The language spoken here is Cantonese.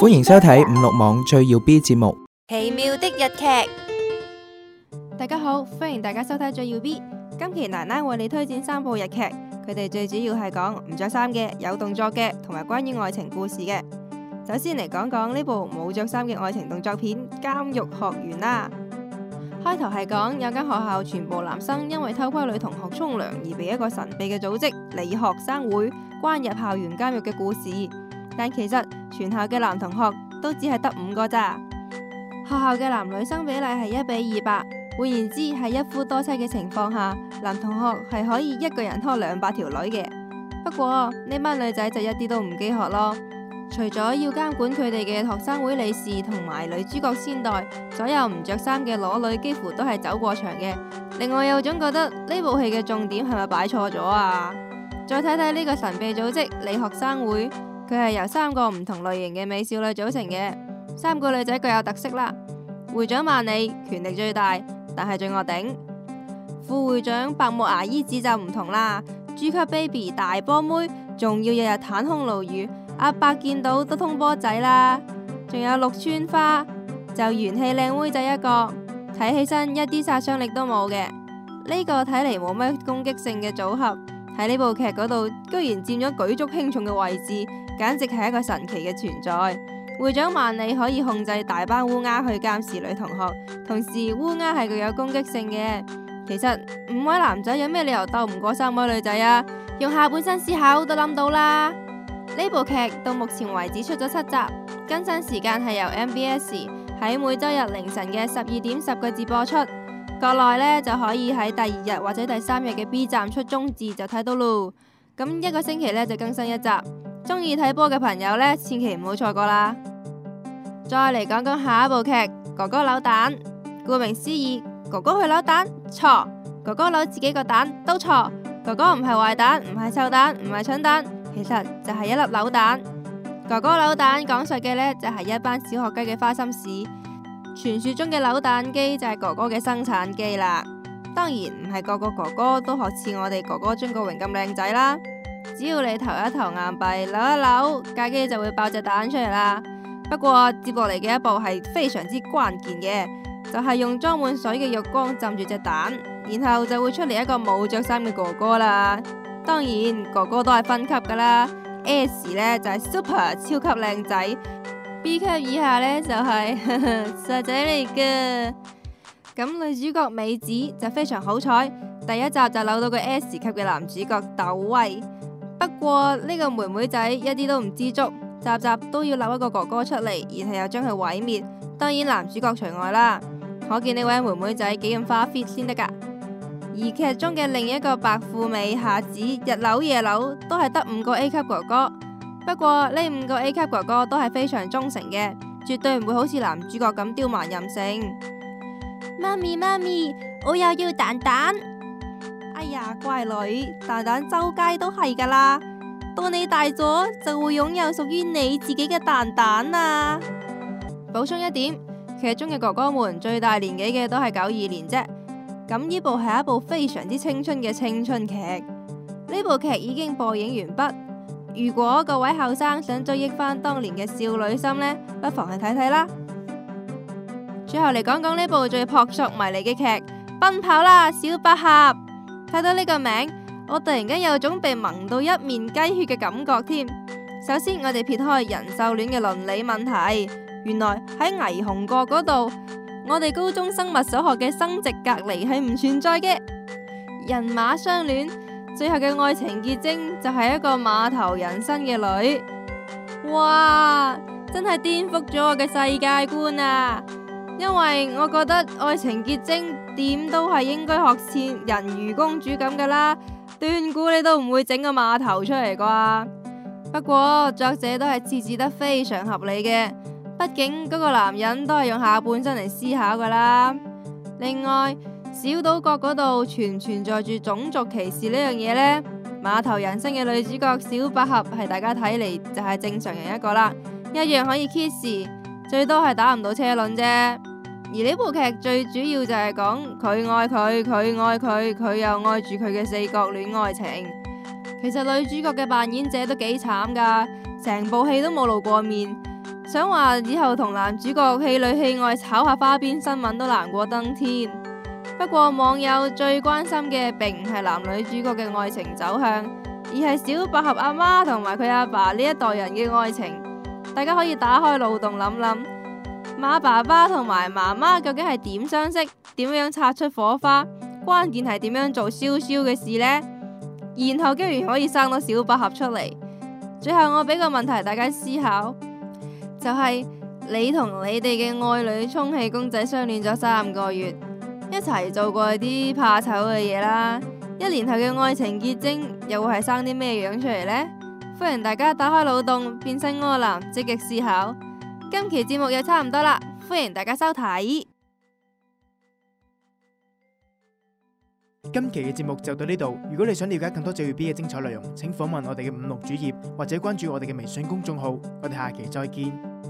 歡迎收睇《五六網最耀 B 節目》奇妙的日劇。大家好，歡迎大家收睇最耀 B。今期奶奶為你推薦三部日劇，佢哋最主要係講唔着衫嘅、有動作嘅，同埋關於愛情故事嘅。首先嚟講講呢部冇着衫嘅愛情動作片《監獄學園》啦。開頭係講有間學校全部男生因為偷窺女同學沖涼而被一個神秘嘅組織裏學生會關入校園監獄嘅故事，但其實。全校嘅男同學都只係得五個咋？學校嘅男女生比例係一比二百，換言之喺一夫多妻嘅情況下，男同學係可以一個人拖兩百條女嘅。不過呢班女仔就一啲都唔飢渴咯，除咗要監管佢哋嘅學生會理事同埋女主角先代，所有唔着衫嘅裸女幾乎都係走過場嘅。另外有總覺得呢部戲嘅重點係咪擺錯咗啊？再睇睇呢個神秘組織，裏學生會。佢係由三個唔同類型嘅美少女組成嘅，三個女仔各有特色啦。會長萬里權力最大，但係最惡頂。副會長白木牙衣子就唔同啦，豬級 baby 大波妹，仲要日日坦胸露乳，阿伯見到都通波仔啦。仲有綠川花，就元氣靚妹仔一個，睇起身一啲殺傷力都冇嘅，呢個睇嚟冇咩攻擊性嘅組合。喺呢部劇嗰度，居然佔咗舉足輕重嘅位置，簡直係一個神奇嘅存在。會長萬里可以控制大班烏鴉去監視女同學，同時烏鴉係具有攻擊性嘅。其實五位男仔有咩理由鬥唔過三位、啊、女仔啊？用下半身思考都諗到啦。呢部劇到目前為止出咗七集，更新時間係由 MBS 喺每週日凌晨嘅十二點十個字播出。國內咧就可以喺第二日或者第三日嘅 B 站，出中字就睇到咯，咁一個星期咧就更新一集，中意睇波嘅朋友咧千祈唔好錯過啦。再嚟講講下一部劇《哥哥扭蛋》，顧名思義，哥哥去扭蛋錯，哥哥扭自己個蛋都錯，哥哥唔係壞蛋，唔係臭蛋，唔係蠢蛋，其實就係一粒扭蛋。哥哥扭蛋講述嘅咧就係一班小學雞嘅花心事。傳說中嘅扭蛋機就係哥哥嘅生產機啦，當然唔係個個哥哥都學似我哋哥哥張國榮咁靚仔啦。只要你投一投硬幣扭一扭，架機就會爆隻蛋出嚟啦。不過接落嚟嘅一步係非常之關鍵嘅，就係用裝滿水嘅浴缸浸住隻蛋，然後就會出嚟一個冇着衫嘅哥哥啦。當然哥哥都係分級噶啦，S 呢就係 super 超級靚仔。B 級以下呢，就係 傻仔嚟嘅。咁女主角美子就非常好彩，第一集就扭到個 S 級嘅男主角斗威。不過呢個妹妹仔一啲都唔知足，集集都要扭一個哥哥出嚟，然後又將佢毀滅，當然男主角除外啦。可見呢位妹妹仔幾咁花 fit 先得噶。而劇中嘅另一個白富美夏子，日扭夜扭，都係得五個 A 級哥哥。不過呢五個 A 級哥哥都係非常忠誠嘅，絕對唔會好似男主角咁刁蠻任性。媽咪媽咪，我又要蛋蛋。哎呀，乖女，蛋蛋周街都係噶啦。到你大咗就會擁有屬於你自己嘅蛋蛋啦。補充一點，劇中嘅哥哥們最大年紀嘅都係九二年啫。咁呢部係一部非常之青春嘅青春劇。呢部劇已經播映完畢。如果各位後生想追憶翻當年嘅少女心呢，不妨去睇睇啦。最後嚟講講呢部最撲朔迷離嘅劇《奔跑啦小百合》，睇到呢個名，我突然間有種被萌到一面雞血嘅感覺添。首先，我哋撇開人獸戀嘅倫理問題，原來喺霓虹國嗰度，我哋高中生物所學嘅生殖隔離係唔存在嘅，人馬相戀。最後嘅愛情結晶就係、是、一個馬頭人身嘅女，哇！真係顛覆咗我嘅世界觀啊！因為我覺得愛情結晶點都係應該學似人魚公主咁噶啦，斷估你都唔會整個馬頭出嚟啩？不過作者都係設置得非，非常合理嘅，畢竟嗰個男人都係用下半身嚟思考噶啦。另外，小島國嗰度存唔存在住種族歧視呢樣嘢呢？碼頭人生嘅女主角小百合係大家睇嚟就係正常人一個啦，一樣可以 kiss，最多係打唔到車輪啫。而呢部劇最主要就係講佢愛佢，佢愛佢，佢又愛住佢嘅四角戀愛情。其實女主角嘅扮演者都幾慘噶，成部戲都冇露過面，想話以後同男主角戲裏戲外炒下花邊新聞都難過登天。不過網友最關心嘅並唔係男女主角嘅愛情走向，而係小百合阿媽同埋佢阿爸呢一代人嘅愛情。大家可以打開腦洞諗諗，馬爸爸同埋媽媽究竟係點相識、點樣擦出火花？關鍵係點樣做燒燒嘅事呢？然後居然可以生到小百合出嚟。最後我俾個問題大家思考，就係你同你哋嘅愛女充氣公仔相戀咗三個月。一齊做過啲怕醜嘅嘢啦，一年後嘅愛情結晶又會係生啲咩樣出嚟呢？歡迎大家打開腦洞，變身柯南，積極思考。今期節目又差唔多啦，歡迎大家收睇。今期嘅節目就到呢度，如果你想了解更多最耀 B 嘅精彩內容，請訪問我哋嘅五六主頁或者關注我哋嘅微信公眾號。我哋下期再見。